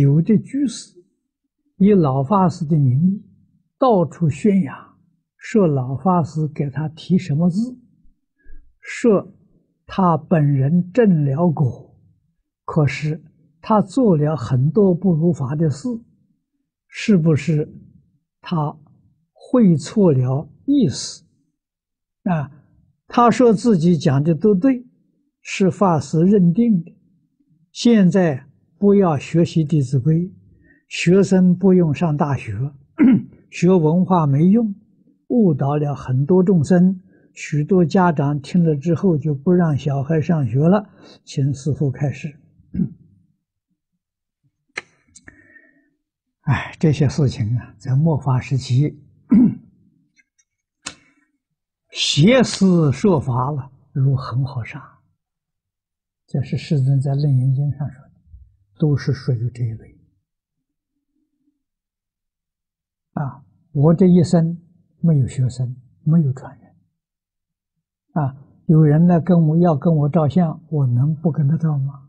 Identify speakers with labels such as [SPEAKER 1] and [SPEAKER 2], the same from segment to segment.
[SPEAKER 1] 有的居士以老法師的名義到處宣揚，說老法師給他提什麼字，說他本人證了果，可是他做了很多不如法的事，是不是他會錯了意思？啊，他說自己講的都對，是法師認定的，現在。不要學習《弟子規》，學生不用上大學，學文化沒用，誤導了很多眾生。許多家長聽了之後就不讓小孩上學了。請師父開示。哎，這些事情啊，在末法時期，邪師說法了，如恆河沙。這是世尊在《楞嚴經》上說。都是屬於這一類。啊，我這一生沒有學生，沒有傳人。啊，有人來跟我要跟我照相，我能不跟他照嗎？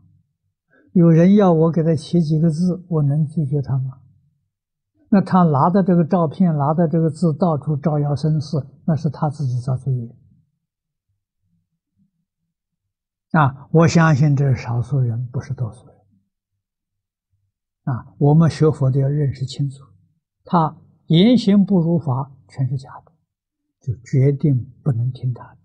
[SPEAKER 1] 有人要我給他寫幾個字，我能拒絕他嗎？那他拿着這個照片，拿着這個字到處招搖生事，那是他自己造罪業。啊，我相信這是少數人，不是多數人。啊，我們學佛的要認識清楚，他言行不如法，全是假的，就決定不能聽他的。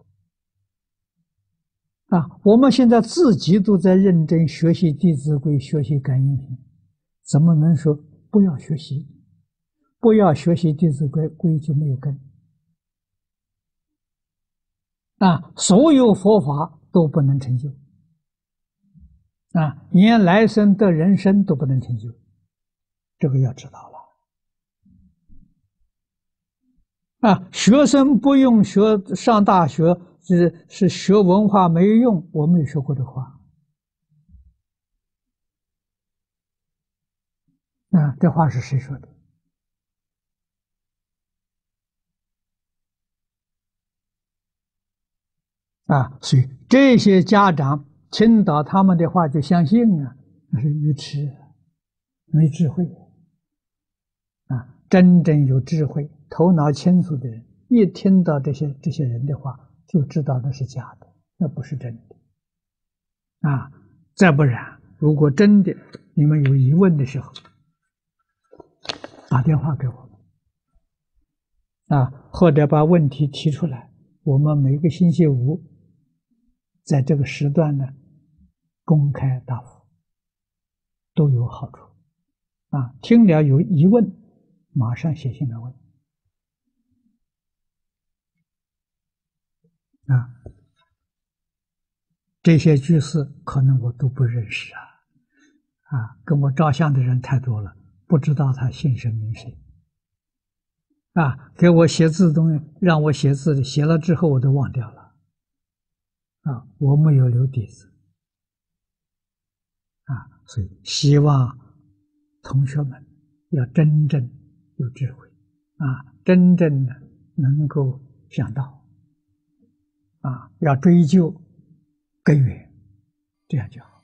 [SPEAKER 1] 啊，我們現在自己都在認真學習《弟子規》，學習《感應篇》，怎麼能說不要學習？不要學習《弟子規》，規就沒有根。啊，所有佛法都不能成就。啊，你連來生的人生都不能成就，這個要知道了。啊，學生不用學上大學，是是學文化沒用，我沒有說過這話。啊，這話是誰說的？啊，所以這些家長。聽到他們的話就相信啊，那是愚癡，沒智慧。啊，真正有智慧、頭腦清楚的人，一聽到這些這些人的話，就知道那是假的，那不是真的。啊，再不然，如果真的你們有疑問的時候，打電話給我們，啊，或者把問題提出來，我們每個星期五，在這個時段呢。公開答覆都有好處。啊，聽了有疑問，馬上寫信來問。啊，這些居士可能我都不認識啊，啊，跟我照相的人太多了，不知道他姓甚名誰。啊，給我寫字的東西，讓我寫字的，寫了之後我都忘掉了。啊，我沒有留底子。啊，所以希望同學們要真正有智慧，啊，真正的能夠想到，啊，要追究根源，這樣就好。